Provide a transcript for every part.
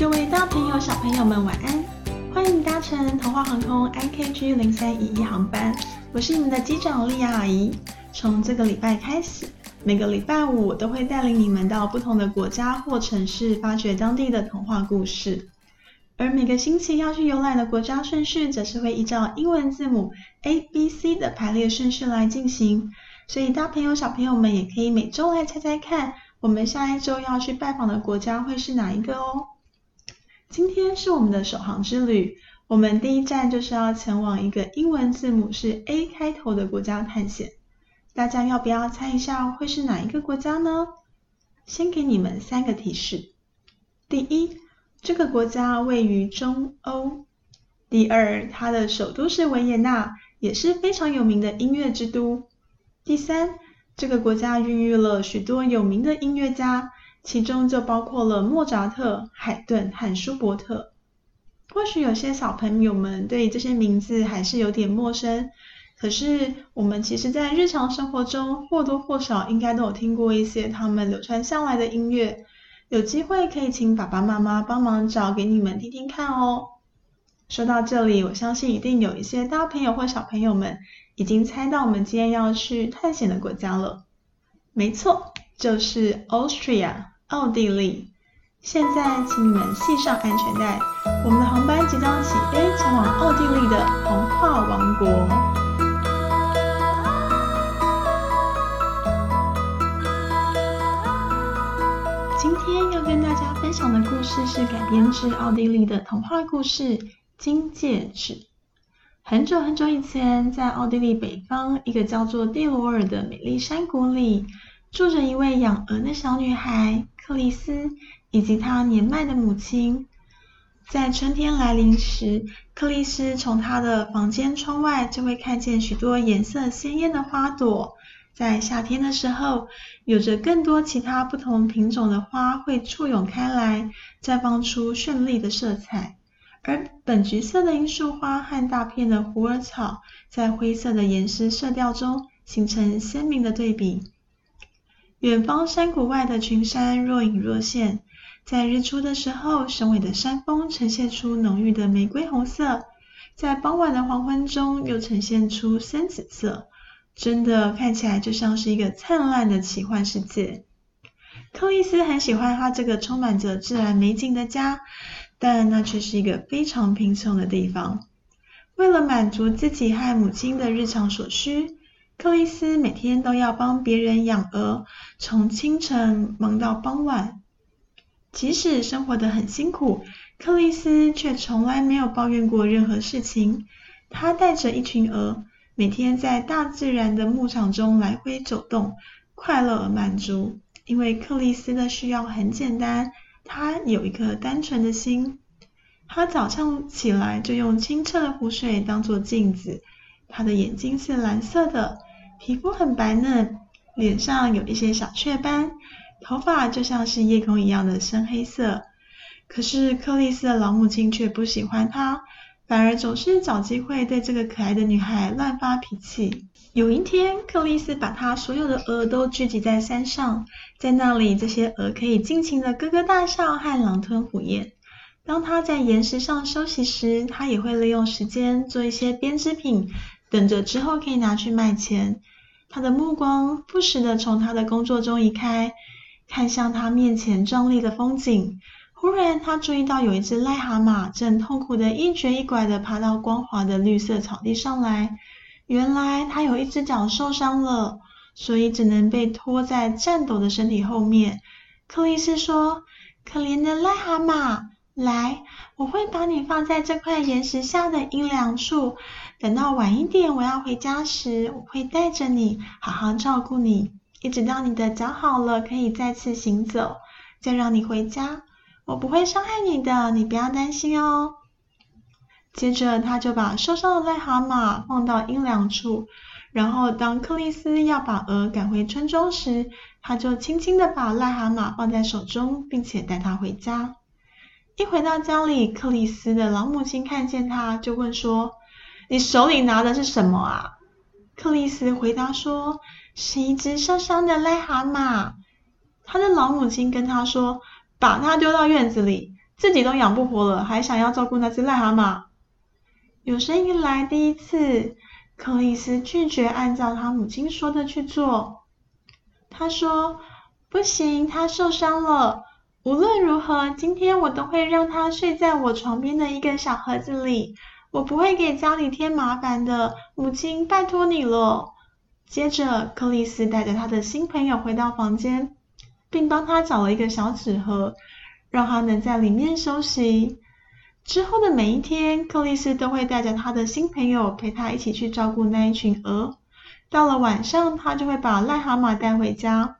各位大朋友、小朋友們，晚安！歡迎搭乘童話航空 IKG 零三一一航班。我是你們的機長莉亞阿姨。從這個禮拜開始，每個禮拜五我都會帶領你們到不同的國家或城市，發掘當地的童話故事。而每個星期要去遊覽的國家順序，則是會依照英文字母 A B C 的排列順序來進行。所以大朋友、小朋友們也可以每週來猜猜看，我們下一週要去拜訪的國家會是哪一個哦！今天是我們的首航之旅，我們第一站就是要前往一個英文字母是 A 開頭的國家探險。大家要不要猜一下會是哪一個國家呢？先給你們三個提示：第一，這個國家位於中歐；第二，它的首都是維也納，也是非常有名的音樂之都；第三，這個國家孕育了許多有名的音樂家。其中就包括了莫扎特、海頓和舒伯特。或許有些小朋友們對這些名字還是有點陌生，可是我們其實在日常生活中或多或少應該都有聽過一些他們流傳下來的音樂。有機會可以請爸爸媽媽幫忙找給你們聽聽看哦。說到這裡，我相信一定有一些大朋友或小朋友們已經猜到我們今天要去探險的國家了。沒錯，就是 Austria。奧地利，現在請你們繫上安全帶，我們的航班即將起飛，前往奧地利的童話王國。今天要跟大家分享的故事是改編自奧地利的童話故事《金戒指》。很久很久以前，在奧地利北方一個叫做蒂羅爾的美麗山谷裡，住着一位養鵝的小女孩，克里斯以及他年邁的母親，在春天來臨時，克里斯從他的房間窗外就會看見許多顏色鮮艷的花朵。在夏天的時候，有着更多其他不同品種的花會簇擁開來，綻放出絢麗的色彩。而本橘色的罌粟花和大片的虎耳草，在灰色的岩石色調中形成鮮明的對比。遠方山谷外的群山若隱若現，在日出的時候，雄偉的山峰呈現出濃郁的玫瑰紅色；在傍晚的黃昏中，又呈現出深紫色。真的看起來就像是一個燦爛的奇幻世界。托伊斯很喜歡他這個充滿着自然美景的家，但那卻是一個非常貧窮的地方。為了滿足自己和母親的日常所需。克里斯每天都要幫別人養鵝，從清晨忙到傍晚。即使生活得很辛苦，克里斯卻從來沒有抱怨過任何事情。他帶着一群鵝，每天在大自然的牧場中來回走動，快樂而滿足。因為克里斯的需要很簡單，他有一顆單純的心。他早上起來就用清澈的湖水當作鏡子，他的眼睛是藍色的，皮膚很白嫩，臉上有一些小雀斑，頭髮就像是夜空一樣的深黑色。可是克里斯的老母親卻不喜歡她，反而總是找機會對這個可愛的女孩亂發脾氣。有一天，克里斯把他所有的鵝都聚集在山上，在那裡，這些鵝可以盡情的咯咯大笑和狼吞虎嚥。當他在岩石上休息時，他也會利用時間做一些編織品。等着之後可以拿去賣錢。他的目光不時地從他的工作中移開，看向他面前壯麗的風景。忽然，他注意到有一只癩蛤蟆正痛苦地一瘸一拐地爬到光滑的綠色草地上來。原來他有一只腳受傷了，所以只能被拖在顫抖的身體後面。克里斯說：“可憐的癩蛤蟆。”來，我會把你放在這塊岩石下的陰涼處。等到晚一點我要回家時，我會帶着你，好好照顧你，一直到你的腳好了，可以再次行走，再讓你回家。我不會傷害你的，你不要擔心哦。接着，他就把受傷的癩蛤蟆放到陰涼處。然後，當克里斯要把鵝趕回村莊時，他就輕輕的把癩蛤蟆放在手中，並且帶它回家。一回到家裡，克里斯的老母親看見他，就問說：“你手裡拿的是什麼啊？”克里斯回答說：“是一隻受傷的癩蛤蟆。”他的老母親跟他說：“把牠丟到院子裡，自己都養不活了，還想要照顧那隻癩蛤蟆。”有生以來第一次，克里斯拒絕按照他母親說的去做。他說：“不行，牠受傷了。”無論如何，今天我都會讓他睡在我床邊的一個小盒子裡。我不會給家裡添麻煩的，母親，拜託你了。接着，克里斯帶着他的新朋友回到房間，並幫他找了一個小紙盒，讓他能在裡面休息。之後的每一天，克里斯都會帶着他的新朋友陪他一起去照顧那一群鵝。到了晚上，他就會把癩蛤蟆帶回家。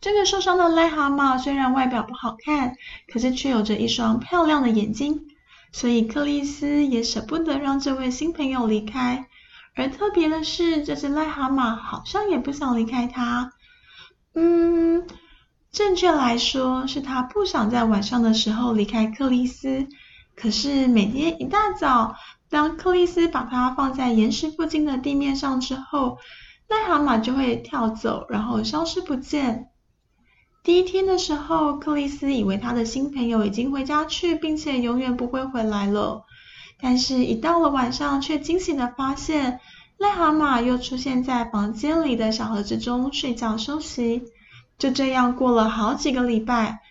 這個受傷的癩蛤蟆雖然外表不好看，可是卻有着一雙漂亮的眼睛，所以克里斯也捨不得讓這位新朋友離開。而特別的是，這隻癩蛤蟆好像也不想離開他。嗯，正確來說是他不想在晚上的時候離開克里斯。可是每天一大早，當克里斯把它放在岩石附近的地面上之後，癩蛤蟆就會跳走，然後消失不見。第一天的時候，克里斯以為他的新朋友已經回家去，並且永遠不會回來了。但是，一到了晚上，卻驚喜的發現，癩蛤蟆又出現在房間裡的小盒子中睡覺休息。就這樣過了好幾個禮拜，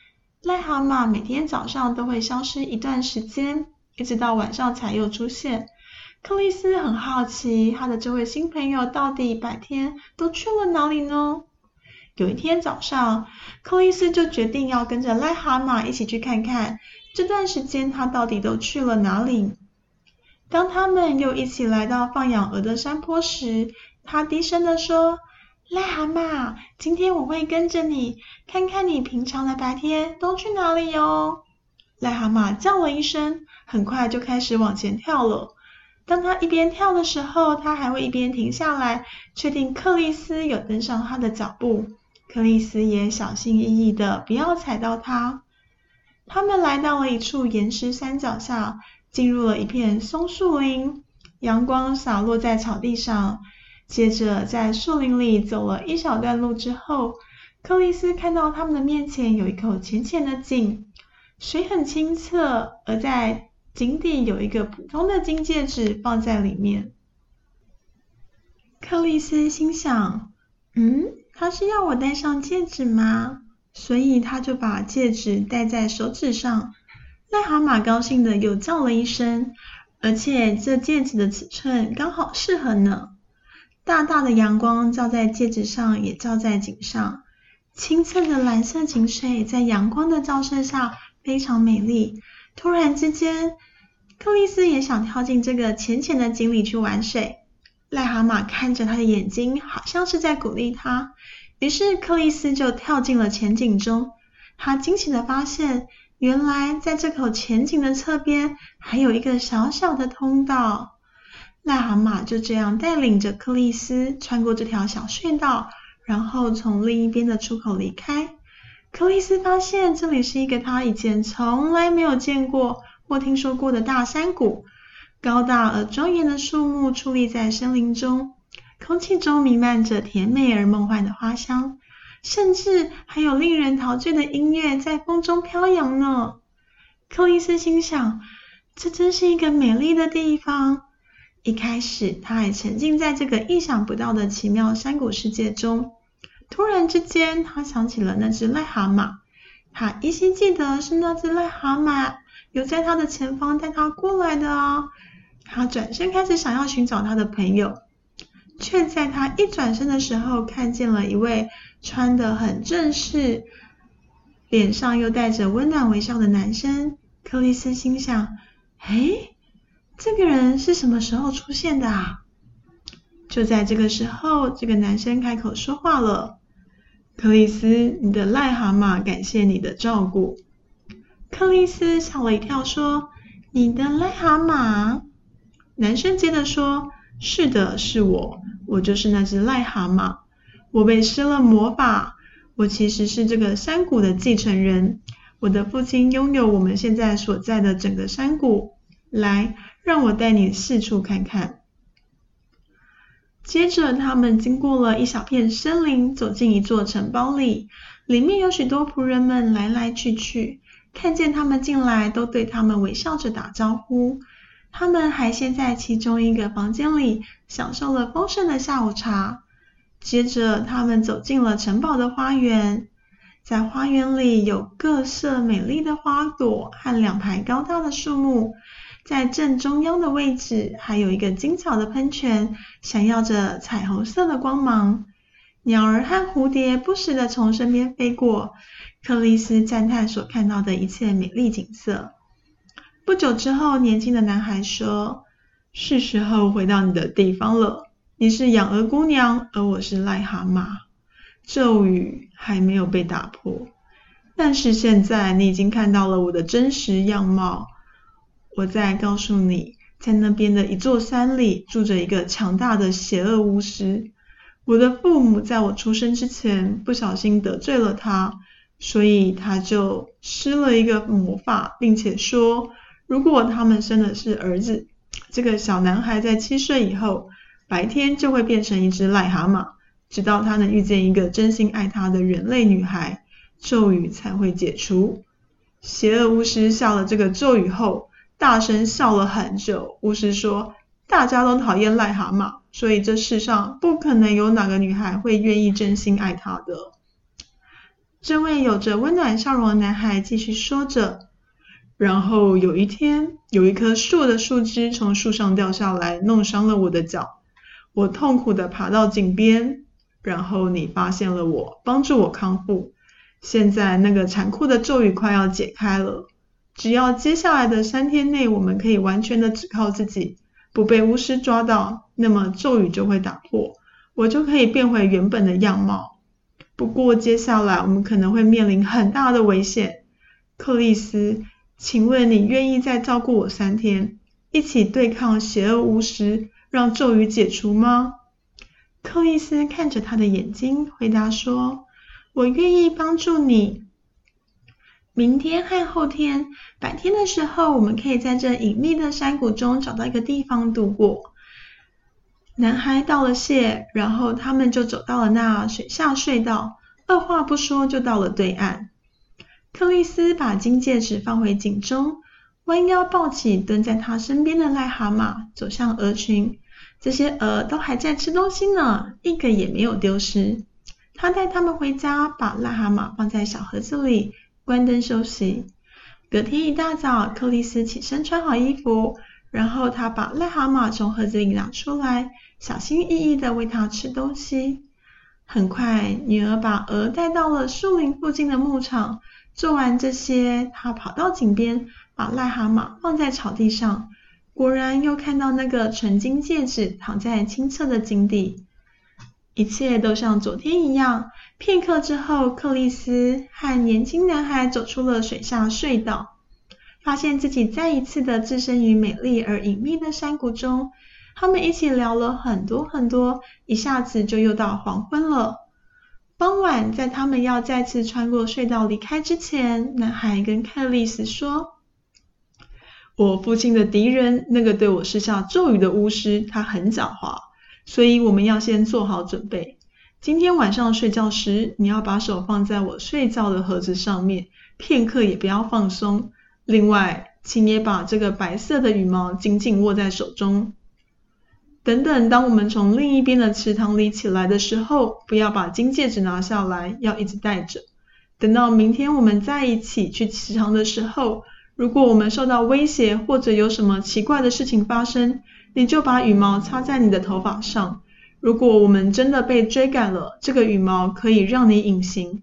癩蛤蟆每天早上都會消失一段時間，一直到晚上才又出現。克里斯很好奇，他的這位新朋友到底白天都去了哪裡呢？有一天早上，克里斯就決定要跟着癩蛤蟆一起去看看這段時間他到底都去了哪裡。當他們又一起來到放養鵝的山坡時，他低聲地說：“癩蛤蟆，今天我會跟着你，看看你平常的白天都去哪裡喲。”癩蛤蟆叫了一聲，很快就開始往前跳了。當他一邊跳的時候，他還會一邊停下來，確定克里斯有跟上他的腳步。克里斯也小心翼翼的，不要踩到它。他們來到了一處岩石山腳下，進入了一片松樹林。陽光灑落在草地上。接着，在樹林裡走了一小段路之後，克里斯看到他們的面前有一口淺淺的井，水很清澈，而在井底有一個普通的金戒指放在裡面。克里斯心想：“嗯。”他是要我戴上戒指嗎？所以他就把戒指戴在手指上。癩蛤蟆高興的又叫了一聲，而且這戒指的尺寸剛好適合呢。大大的陽光照在戒指上，也照在井上。清澈的藍色井水在陽光的照射下非常美麗。突然之間，克里斯也想跳進這個淺淺的井裡去玩水。癩蛤蟆看着他的眼睛，好像是在鼓勵他。於是克里斯就跳進了前井中。他驚喜地發現，原來在這口前井的側邊，還有一個小小的通道。癩蛤蟆就這樣帶領着克里斯穿過這條小隧道，然後從另一邊的出口離開。克里斯發現，這裡是一個他以前從來沒有見過或聽說過的大山谷。高大而莊嚴的樹木矗立在森林中，空氣中彌漫着甜美而夢幻的花香，甚至還有令人陶醉的音樂在風中飄揚呢。寇伊斯心想，這真是一個美麗的地方。一開始，他還沉浸在這個意想不到的奇妙山谷世界中，突然之間，他想起了那只癩蛤蟆。他依稀記得是那只癩蛤蟆有在他的前方帶他過來的哦。他轉身開始想要尋找他的朋友，卻在他一轉身的時候看見了一位穿得很正式、臉上又帶着溫暖微笑的男生。克里斯心想：“哎，這個人是什麼時候出現的啊？”就在這個時候，這個男生開口說話了。克里斯，你的癩蛤蟆，感謝你的照顧。克里斯嚇了一跳，說：“你的癩蛤蟆？”男生接着說：“是的，是我，我就是那隻癩蛤蟆。我被施了魔法，我其實是這個山谷的繼承人。我的父親擁有我們現在所在的整個山谷。來，讓我帶你四處看看。”接着，他們經過了一小片森林，走進一座城堡裡。裡面有許多僕人們來來去去，看見他們進來，都對他們微笑着打招呼。他們還先在其中一個房間裡享受了豐盛的下午茶。接着，他們走進了城堡的花園，在花園裡有各色美麗的花朵和兩排高大的樹木。在正中央的位置，還有一個精巧的噴泉，閃耀着彩虹色的光芒。鳥兒和蝴蝶不時地從身邊飛過。克里斯讚嘆所看到的一切美麗景色。不久之後，年輕的男孩說：“是時候回到你的地方了。你是養鵝姑娘，而我是癩蛤蟆。咒語還沒有被打破，但是現在你已經看到了我的真實樣貌。”我再告訴你，在那邊的一座山裡住着一個強大的邪惡巫師。我的父母在我出生之前不小心得罪了他，所以他就施了一個魔法，並且說，如果他們生的是兒子，這個小男孩在七歲以後白天就會變成一隻癩蛤蟆，直到他能遇見一個真心愛他的人類女孩，咒語才會解除。邪惡巫師下了這個咒語後，大聲笑了很久，巫師說：“大家都討厭癩蛤蟆，所以這世上不可能有哪個女孩會願意真心愛他的。”這位有着溫暖笑容的男孩繼續說着：“然後有一天，有一棵樹的樹枝從樹上掉下來，弄傷了我的腳。我痛苦地爬到井邊，然後你發現了我，幫助我康復。現在那個殘酷的咒語快要解開了。”只要接下來的三天內，我們可以完全的只靠自己，不被巫師抓到，那麼咒語就會打破，我就可以變回原本的樣貌。不過接下來我們可能會面臨很大的危險。克里斯，請問你願意再照顧我三天，一起對抗邪惡巫師，讓咒語解除嗎？克里斯看着他的眼睛，回答說：“我願意幫助你。”明天和後天白天的時候，我們可以在這隱秘的山谷中找到一個地方度過。男孩道了謝，然後他們就走到了那水下隧道，二話不說就到了對岸。克里斯把金戒指放回井中，彎腰抱起蹲在他身邊的癩蛤蟆，走向鵝群。這些鵝都還在吃東西呢，一個也沒有丟失。他帶他們回家，把癩蛤蟆放在小盒子裡。關燈休息。隔天一大早，克里斯起身穿好衣服，然後他把癩蛤蟆從盒子裡拿出來，小心翼翼地餵它吃東西。很快，女兒把鵝帶到了樹林附近的牧場。做完這些，她跑到井邊，把癩蛤蟆放在草地上。果然，又看到那個純金戒指躺在清澈的井底。一切都像昨天一樣，片刻之後，克里斯和年輕男孩走出了水下隧道，發現自己再一次的置身於美麗而隱秘的山谷中。他們一起聊了很多很多，一下子就又到黃昏了。傍晚，在他們要再次穿過隧道離開之前，男孩跟克里斯說：“我父親的敵人，那個對我施下咒語的巫師，他很狡猾。”所以我們要先做好準備。今天晚上睡覺時，你要把手放在我睡覺的盒子上面，片刻也不要放鬆。另外，請也把這個白色的羽毛緊緊握在手中。等等，當我們從另一邊的池塘裡起來的時候，不要把金戒指拿下來，要一直戴着。等到明天我們再一起去池塘的時候，如果我們受到威脅或者有什麼奇怪的事情發生，你就把羽毛插在你的頭髮上。如果我們真的被追趕了，這個羽毛可以讓你隱形。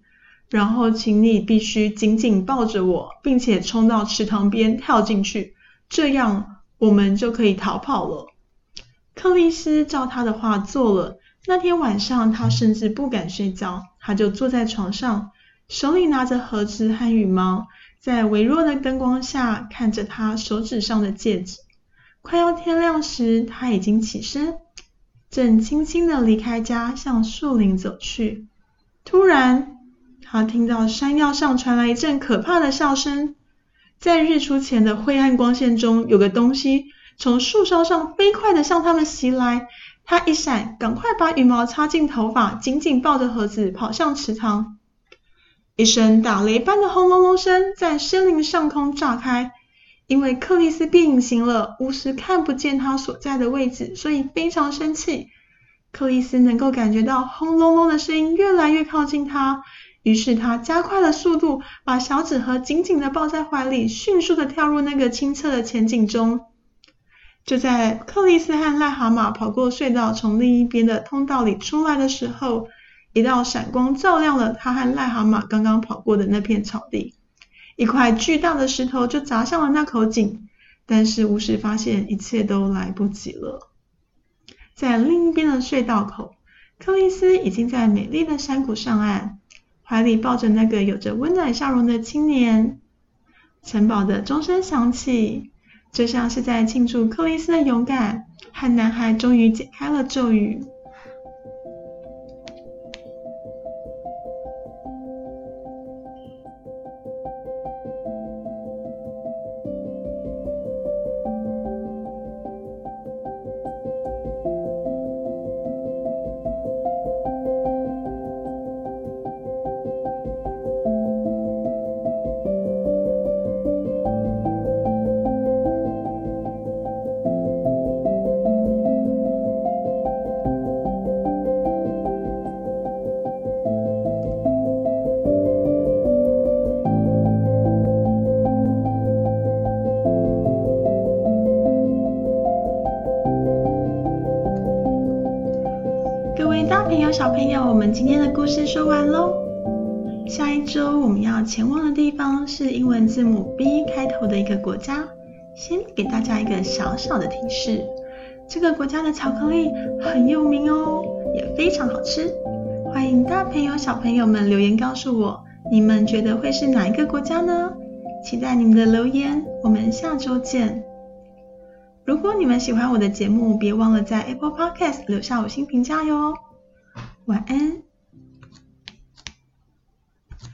然後，請你必須緊緊抱着我，並且衝到池塘邊跳進去，這樣我們就可以逃跑了。克里斯照他的話做了。那天晚上，他甚至不敢睡覺，他就坐在床上，手裡拿着盒子和羽毛，在微弱的燈光下看着他手指上的戒指。快要天亮時，他已經起身，正輕輕地離開家，向樹林走去。突然，他聽到山腰上傳來一陣可怕的笑聲。在日出前的灰暗光線中，有個東西從樹梢上飛快地向他們襲來。他一閃，趕快把羽毛插進頭髮，緊緊抱着盒子，跑向池塘。一聲打雷般的轟隆隆聲在森林上空炸開。因為克里斯變隱形了，巫師看不見他所在的位置，所以非常生氣。克里斯能夠感覺到轟隆隆的聲音越來越靠近他，於是他加快了速度，把小紙盒緊緊的抱在懷裡，迅速的跳入那個清澈的前景中。就在克里斯和癩蛤蟆跑過隧道，從另一邊的通道裡出來的時候，一道閃光照亮了他和癩蛤蟆剛剛跑過的那片草地。一塊巨大的石頭就砸向了那口井，但是巫師發現一切都來不及了。在另一邊的隧道口，克里斯已經在美麗的山谷上岸，懷裡抱着那個有着溫暖笑容的青年。城堡的鐘聲響起，就像是在慶祝克里斯的勇敢，和男孩終於解開了咒語。今天的故事說完嘍，下一周我們要前往的地方是英文字母 B 開頭的一個國家。先給大家一個小小的提示，這個國家的巧克力很有名哦，也非常好吃。歡迎大朋友小朋友們留言告訴我，你們覺得會是哪一個國家呢？期待你們的留言，我們下周見。如果你們喜歡我的節目，別忘了在 Apple Podcast 留下五星評價喲。晚安。